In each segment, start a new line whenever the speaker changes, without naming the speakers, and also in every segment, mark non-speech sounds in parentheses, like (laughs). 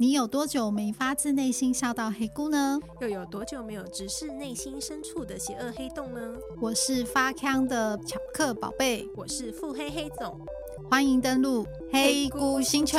你有多久沒發自內心笑到黑菇呢？
又有多久沒有直視內心深處的邪惡黑洞呢？
我是發腔的巧克寶貝，
我是腹黑黑總，
歡迎登錄黑菇星球。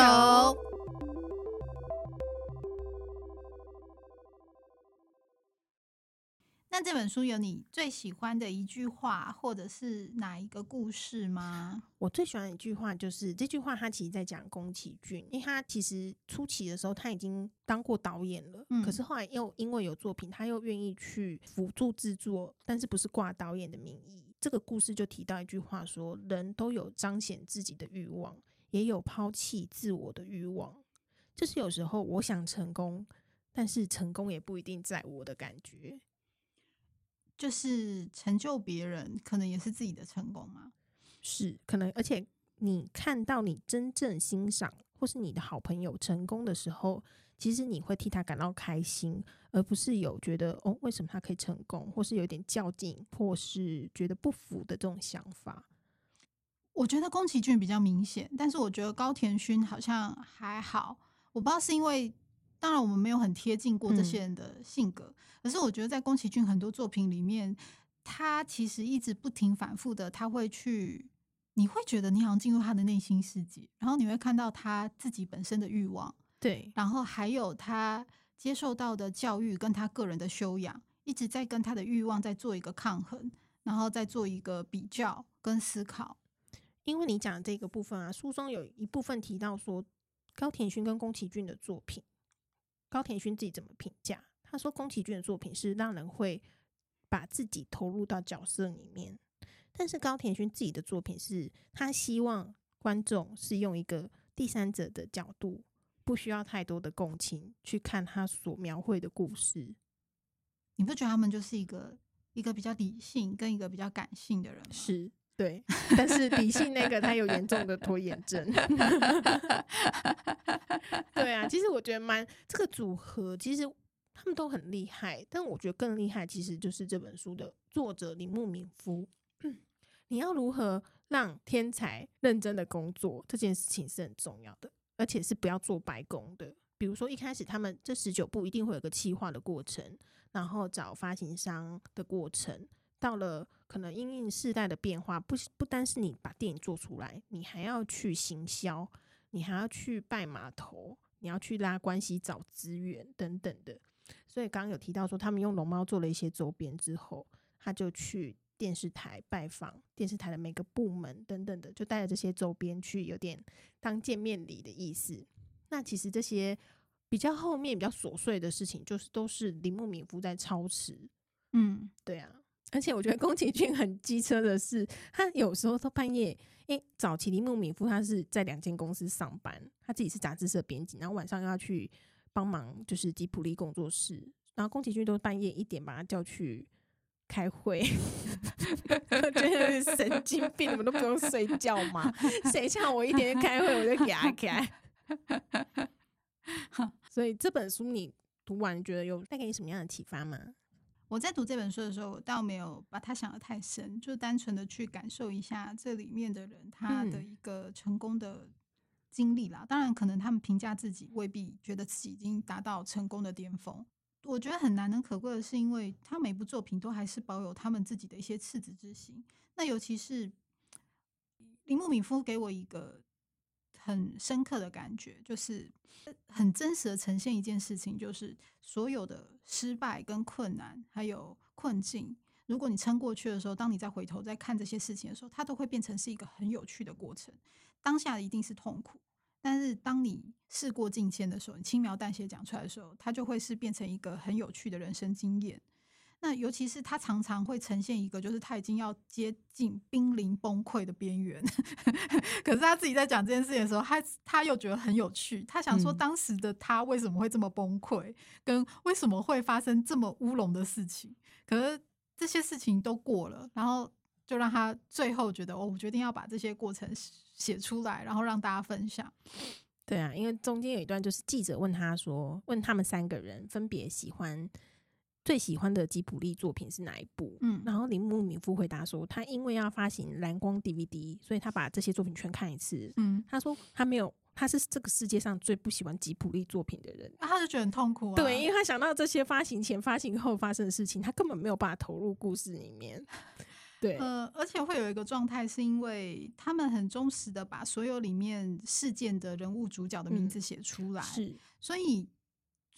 這本書有你最喜歡的一句話，或
者是哪一個故事嗎？我最喜歡的一句話，就是這句話，它其實在講宮崎駿，因為他其實初期的時候他已經當過導演了，嗯、可是後來又因為有作品，他又願意去輔助制作，但是不是掛導演的名義。這個故事就提到一句話說，說人都有彰顯自己的欲望，也有拋棄自我的欲望，就是有時候我想成功，但是成功也不一定在我的感覺。
就是成就別人，可能
也是自己的成功啊。是，可能，而且你看到你真正欣賞或是你的好朋友成功的時候，其實你會替他感到開心，而不是有覺得哦，為什麼他可以成功，或是有點較勁，或是覺得不服的這種想法。我覺得宮崎駿比較明顯，但是我覺得高畑
勳好像還好，我不知道是因為。當然，我們沒有很貼近過這些人的性格，可、嗯、是我覺得在宮崎駿很多作品裡面，他其實一直不停反復的，他會去，你會覺得你好像進入他的內心世界，然後你會看到他自己本身的欲望，對，然後還有他接受到的教育跟他個人的修養，一直在跟他的欲望在做一個抗衡，然後再做一個
比較跟思考。因為你講這個部分啊，書中有一部分提到說高畑勳跟宮崎駿的作品。高畑勳自己怎麼評價？他說宮崎駿的作品是讓人會把自己投入到角色裡面，但是高畑勳自己的作品是，他希望觀眾是用一個第三者的角度，不需要太多的共情去看他所描繪的故事。你不覺得他們就是一個一個比較理性跟一個比較感性的人？是。對，但是理性那個他有嚴重的拖延症。 (laughs) (laughs) 對啊，其實我覺得蠻這個組合，其實他們都很厲害，但我覺得更厲害其實就是這本書的作者鈴木敏夫、嗯。你要如何讓天才認真的工作？這件事情是很重要的，而且是不要做白工的。比如說一開始他們這十九部一定會有個企劃的過程，然後找發行商的過程。到了可能因應世代的變化，不不單是你把電影做出來，你還要去行銷，你還要去拜碼頭，你要去拉關係、找資源等等的。所以剛剛有提到說，他們用龍貓做了一些周邊之後，他就去電視台拜訪電視台的每個部門等等的，就帶着這些周邊去，有點當見面禮的意思。那其實這些比較後面、比較瑣碎的事情，就是都是鈴木敏夫在操持。嗯，對啊。而且我覺得宮崎駿很機車的是，他有時候都半夜。誒、欸，早期的鈴木敏夫他是在兩間公司上班，他自己是雜誌社編輯，然後晚上又要去幫忙就是吉卜力工作室，然後宮崎駿都半夜一點把他叫去開會，真 (laughs) (laughs) (laughs) (laughs) 覺得神經病，你們都不用睡覺嗎？誰像我一點去開會我就給開。 (laughs) (laughs) 所以這本書你讀完，覺得有帶給你什麼樣的啟發嗎？我在讀這本書的時候，我倒沒有把它想得太深，就單
純的去感受一下這裡面的人他的一個成功的經歷啦。嗯、當然，可能他們評價自己未必覺得自己已經達到成功的巔峰。我覺得很難能可貴的是，因為他每部作品都還是保有他們自己的一些赤子之心。那尤其是鈴木敏夫給我一個很深刻的感覺，就是很真實的呈現一件事情，就是所有的失敗跟困難，還有困境，如果你撐過去的時候，當你再回頭再看這些事情的時候，它都會變成是一個很有趣的過程。當下的一定是痛苦，但是當你事過境遷的時候，你輕描淡寫講出來的時候，它就會是變成一個很有趣的人生經驗。那尤其是他常常會呈現一個，就是他已經要接近瀕臨崩潰的邊緣。可是他自己在講這件事情的時候，他他又覺得很有趣，他想說當時的他為什麼會這麼崩潰，嗯、跟為什麼會發生這麼烏龍的事情。可是這些事情都過了，然後就讓
他最後覺得，哦，我決定要把這些過程寫出來，然後讓大家分享。對啊，因為中間有一段就是記者問他說，問他們三個人分別喜歡。最喜歡的吉卜力作品是哪一部？嗯，然後鈴木敏夫回答說，他因為要發行藍光 DVD，所以他把這些作品全看一次。嗯，他說他沒有，他是這個世界上最不喜歡吉卜力作品的人，啊。他就覺得很痛苦，啊，對，因為他想到這些發行前、發行後發生的事情，他根本沒有辦法投入故事裡面。對，呃，而
且會有一個狀態，是因為他們很忠實的把所有裡面事件的人物主角的名字寫出來，嗯，是，所以。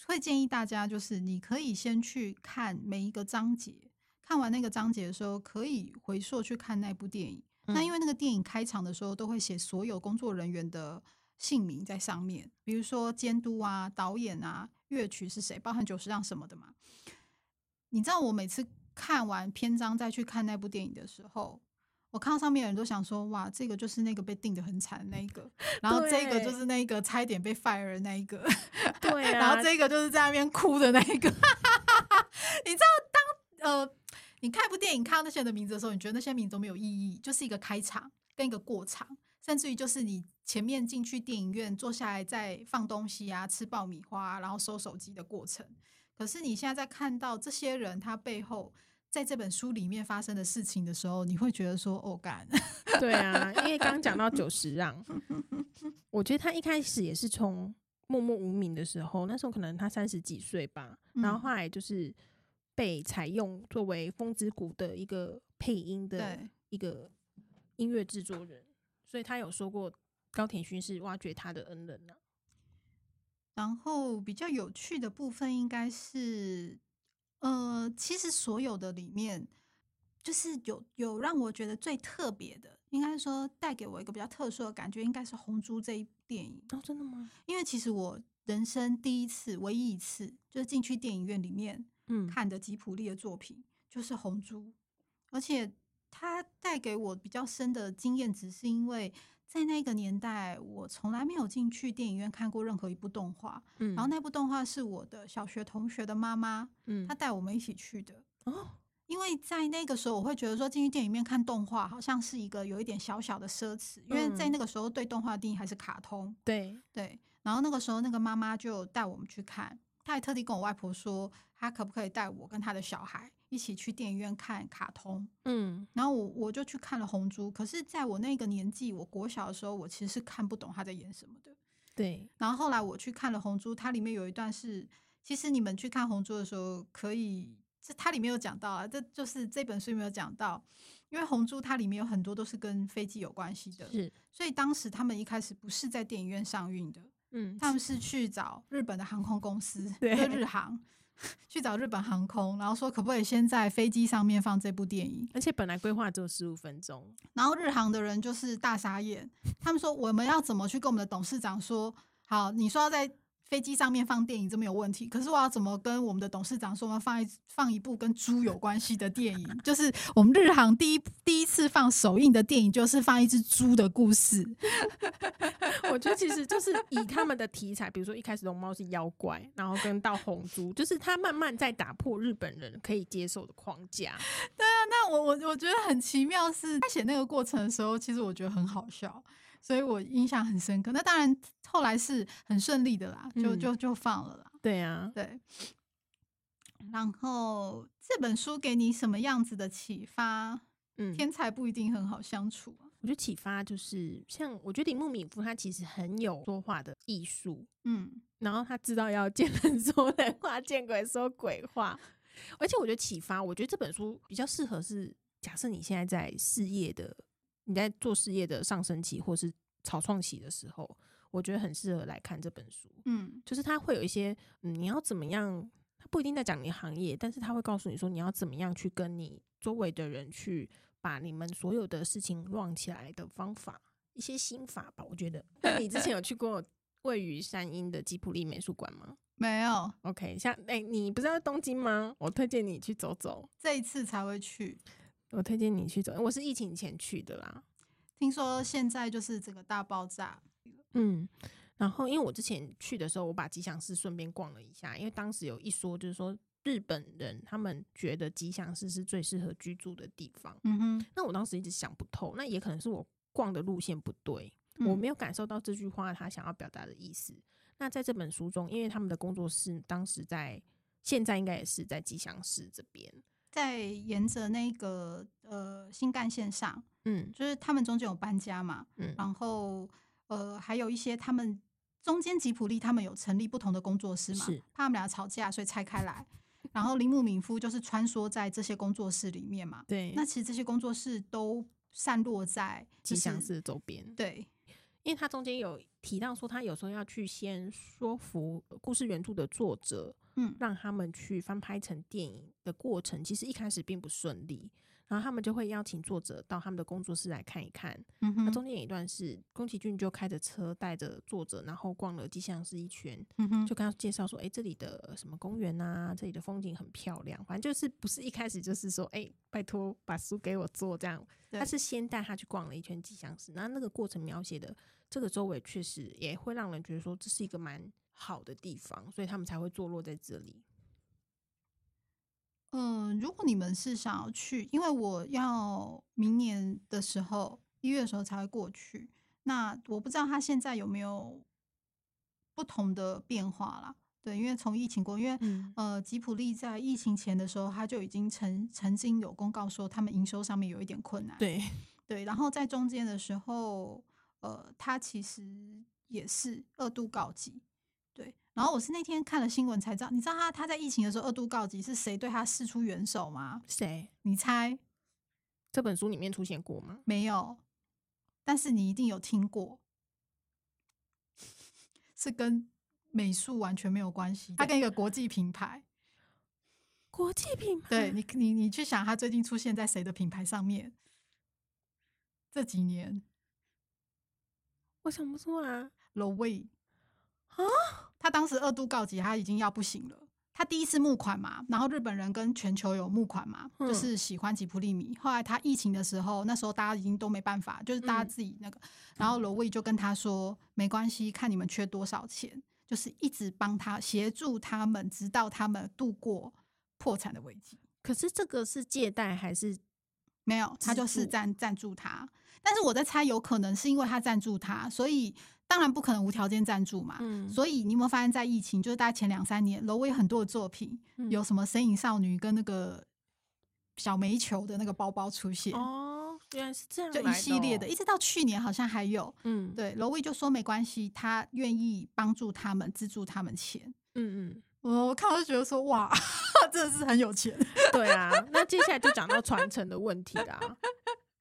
會建議大家，就是你可以先去看每一個章節，看完那個章節的時候，可以回溯去看那部電影，嗯。那因為那個電影開場的時候都會寫所有工作人員的姓名在上面，比如說監督啊、導演啊、樂曲是誰、包含九十輛什麼的嘛。你知道我每次看完篇章再去看那部電影的時候。我看到上面的人都想說，哇，這個就是那個被定得很慘的那一個，然後這個就是那個差一點被 fire 的那一個，對、啊， (laughs) 然後這個就是在那邊哭的那一個。 (laughs) 你知道，當呃你看部電影，看到那些人的名字的時候，你覺得那些名字都沒有意義，就是一個開場跟一個過場，甚至於就是你前面進去電影院坐下來，再放東西啊，吃爆米花、啊，然後收手機的過程。可是你現在在看到這些人，他背後。在這本書裡面發生的事情的時候，你會覺得
說：“哦、幹、啊！”對啊，因為剛剛講到久石讓， (laughs) 我覺得他一開始也是從默默無名的時候，那時候可能他三十幾歲吧、嗯，然後後來就是被採用作為《風之谷》的一個配音的一個音樂制作人，所以他有說過高畑勳是挖掘他的恩人、啊、
然後比較有趣的部分應該是。呃，其實所有的裡面，就是有有讓我覺得最特別的，應該說帶給我一個比較特殊的感覺，應該是《紅豬》這一部電影。哦，真的嗎？因為其實我人生第一次、唯一一次就是進去電影院裡面，嗯、看的吉卜力的作品就是《紅豬》，而且它帶給我比較深的經驗只是因為。在那個年代，我從來沒有進去電影院看過任何一部動畫、嗯。然後那部動畫是我的小學同學的媽媽、嗯，她帶我們一起去的。哦，因為在那個時候，我會覺得說進去電影院看動畫好像是一個有一點小小的奢侈，嗯、因為在那個時候對動畫的定義還是卡通。對對，然後那個時候那個媽媽就帶我們去看。他還特地跟我外婆說，他可不可以帶我跟他的小孩一起去電影院看卡通？嗯，然後我我就去看了《紅豬》，可是在我那個年紀，我國小的時候，我其實是看不懂他在演什麼的。對。然後後來我去看了《紅豬》，它裡面有一段是，其實你們去看《紅豬》的時候，可以，這它裡面有講到啊，這就是這本書沒有講到，因為《紅豬》它裡面有很多都是跟飛機有關係的，是。所以當時他們一開始不是在電影院上映的。嗯，他們是去找日本的航空公司，對，就是日航，去找日本航空，然後說可不可以先在飛機上面放這部電影，
而且本來規劃只有十五分鐘，
然後日航的人就是大傻眼，他們說我們要怎麼去跟我們的董事長說，好，你說要在。飛機上面放電影這麼有問題，可是我要怎麼跟我們的董事長說？我要放一放一部跟豬有關係的電影，就是我們日航第一第一次放首映的電影，就是放一隻豬的故事。
(laughs) 我覺得其實就是以他們的題材，比如說一開始龍貓是妖怪，然後跟到紅豬，就是他慢慢在打破日本人可以接受的框架。
(laughs) 對啊，那我我我覺得很奇妙，是他寫那個過程的時候，其實我覺得很好笑。所以我印象很深刻。那當然，後來是很順利的啦，就、嗯、就就放了啦。對呀、啊，對。然後這本書給你什麼樣子的啟發？嗯，天才不一
定很好相處、啊、我覺得啟發就是，像我覺得鈴木敏夫他其實很有說話的藝術。嗯，然後他知道要見人說人話，見鬼說鬼話。而且我覺得啟發，我覺得這本書比較適合是，假設你現在在事業的。你在做事業的上升期或是草創期的時候，我覺得很適合來看這本書。嗯，就是他會有一些、嗯，你要怎麼樣？他不一定在講你的行業，但是他會告訴你說你要怎麼樣去跟你周圍的人去把你們所有的事情亂起來的方法，一些心法吧。我覺得。 (laughs) 那你之前有去過位於山陰的吉卜力美術館嗎？沒有。OK，像誒、欸，你不是要去東京嗎？我推薦你去走走。這一次才會去。我推薦你去走，我是疫情前去的啦。聽說現在就是這個大爆炸，嗯，然後因為我之前去的時候，我把吉祥寺順便逛了一下，因為當時有一說，就是說日本人他們覺得吉祥寺是最適合居住的地方。嗯，那我當時一直想不透，那也可能是我逛的路線不對，我沒有感受到這句話他想要表達的意思。嗯，那在這本書中，因為他們的工作室當時在，現在應該也是在吉祥寺這邊。
在沿着那個呃新幹線上，嗯，就是他們中間有搬家嘛，嗯，然後呃還有一些他們中間吉卜力他們有成立不同的工作室嘛，是怕他們倆吵架，所以拆開來， (laughs) 然後鈴木敏夫就是穿梭在這些工作室裡面嘛，對，那其實這些工作室都
散落在、就是、吉祥寺周邊，對。因為他中間有提到說，他有時候要去先說服故事原著的作者，嗯，讓他們去翻拍成電影的過程，其實一開始並不順利。然後他們就會邀請作者到他們的工作室來看一看。嗯，那中間有一段是宮崎駿就開着車帶着作者，然後逛了吉祥寺一圈，嗯，就跟他介紹說：“哎，欸，這裡的什麼公園啊，這裡的風景很漂亮。”反正就是不是一開始就是說：“哎，欸，拜託把書給我做。”這樣，他是先帶他去逛了一圈吉祥寺。那那個過程描寫的這個周圍確實也會讓人覺得說這是一個蠻好的地方，所以他們才會坐落在這裡。
嗯，如果你們是想要去，因為我要明年的時候一月的時候才會過去，那我不知道他現在有沒有不同的變化啦，對，因為從疫情過，因為、嗯、呃，吉卜力在疫情前的時候，他就已經曾曾經有公告說，他們營收上面有一點困難。對對，然後在中間的時候，呃，他其實也是二度告急。然後我是那天看了新聞才知道，你知道他他在疫情的時候二度告急是誰對他伸出援手嗎？誰？你猜？這本書裡面出現過嗎？沒有，但是你一定有聽過。 (laughs) 是跟美術完全沒有關係，他跟一個國際品牌，國際品牌。對，你你你去想他最近出現在誰的品牌上面？這幾年，我想不出來。老魏。啊？他當時二度告急，他已經要不行了。他第一次募款嘛，然後日本人跟全球有募款嘛，嗯、就是喜歡吉卜力迷。後來他疫情的時候，那時候大家已經都沒辦法，就是大家自己那個。嗯、然後羅威就跟他說：“沒關係，看你們缺多少錢，就是一直幫他協助他們，直到他們度過破產的危機。”可是這個是借貸還是？沒有，他就是贊贊助他。但是我在猜，有可能是因為他贊助他，所以當然不可能無條件贊助嘛。嗯、所以你有沒有發現，在疫情就是大概前兩三年，羅威很多的作品，有什麼《神隱少女》跟那個小煤球的那個包包出現，嗯、哦，
原來是這樣的，就一系列的，一直
到去年好像還有。嗯。對，羅威就說沒關係，他願意幫助他們資助他們錢。嗯
嗯。我我看我就覺得說哇。他真的是很有錢， (laughs) 對啊。那接下來就講到傳承的問題啦，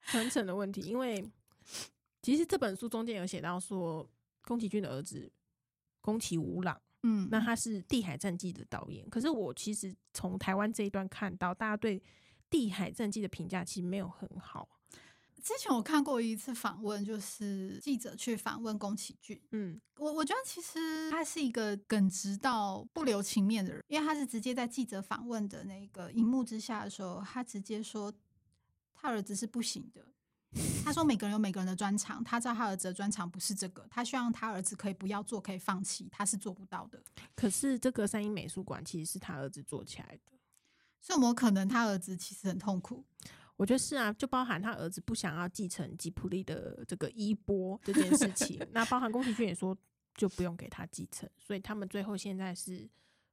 傳承的問題，因為其實這本書中間有寫到說，宮崎駿的兒子宮崎吾朗，嗯，那他是《地海戰記》的導演，可是我其實從臺灣這一段看到，大家對《地海戰記》的評價其實沒有很好。
之前我看過一次訪問，就是記者去訪問宮崎駿。嗯，我我覺得其實他是一個耿直到不留情面的人，因為他是直接在記者訪問的那個熒幕之下的時候，他直接說他兒子是不行的。他說每個人有每個人的專長，他知道他兒子的專長不是這個，他希望他兒子可以不要
做，可以放棄，他是做不到的。可是這個三鷹美術館其實是他兒子做起來的，所以
有沒有可能他兒子其實很痛苦？
我覺得是啊，就包含他兒子不想要繼承吉卜力的這個衣缽這件事情， (laughs) 那包含宮崎駿也說就不用給他繼承，所以他們最後現在是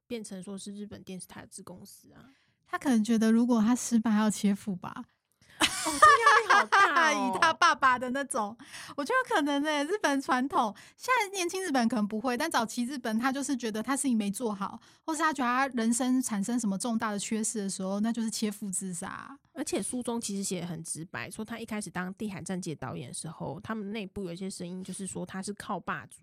變成說是日本電視台的子公司啊。
他可能覺得如果他失敗要切腹吧？哦，這壓力好
大。 (laughs)
那種我覺得可能呢、欸。日本傳統現在年輕日本可能不會，但早期日本他就是覺得他事情沒做好，或是他覺得他人生產生什麼重
大的缺失的時候，那就是切腹自殺。而且書中其實寫得很直白，說他一開始當《地海戰記》導演的時候，他們內部有一些聲音就是說他是靠霸主，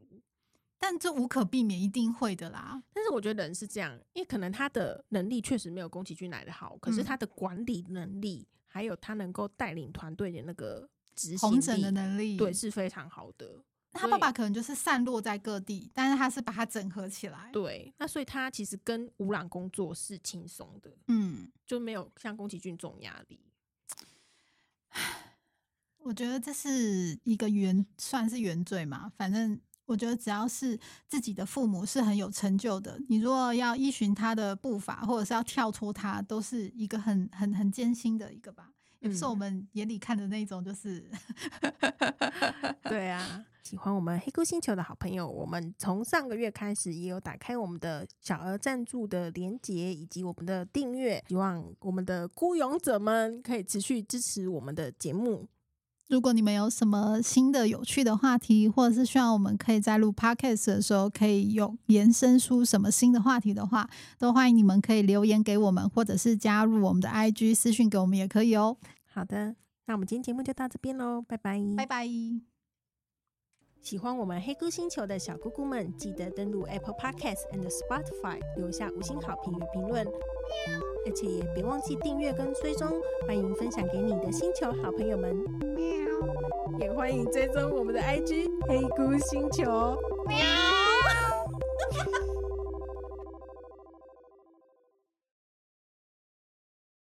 但這無可避免一定會的啦。但是我覺得人是這樣，因為可能他的能力確實沒有宮崎駿來得好，可是他的管理能力、嗯、還有他能夠帶領團隊的那個。統整的能力對，是非常好的。
那他爸爸可能就是散落在各地，
但是他是把它整合起來。對，那所以他其實跟吾朗工作是輕鬆的，嗯，就沒有像宮崎駿這種壓力。
我覺得這是一個原，算是原罪嘛。反正我覺得只要是自己的父母是很有成就的，你如果要依循他的步伐，或者是要跳出他，都是一個很很很艱辛的一個吧。也不是我們眼裡看的那種，就是、
嗯， (laughs) 對啊，喜歡我們黑菇星球的好朋友，我們從上個月開始也有打開我們的小額贊助的鏈接以及我們的訂閱，希望我們的孤勇者們可以持續支持我們的節目。
如果你們有什麼新的有趣的話題，或者是需要我們可以在錄 Podcast 的時候可以有延伸出什麼新的話題的話，都歡迎你們可以留言給我們，或者是加入我們的 IG 私訊給我們也可以哦。好的，
那我們今天節目就到這邊嘍，拜拜，拜拜。喜歡我們黑菇星球的小菇菇們，記得登錄 Apple Podcast and Spotify，留下五星好評與評論喵，而且也別忘記訂閱跟追蹤，歡迎分享給你的星球好朋友們，喵，也歡迎追蹤我們的 IG 黑菇星球。喵。 (laughs)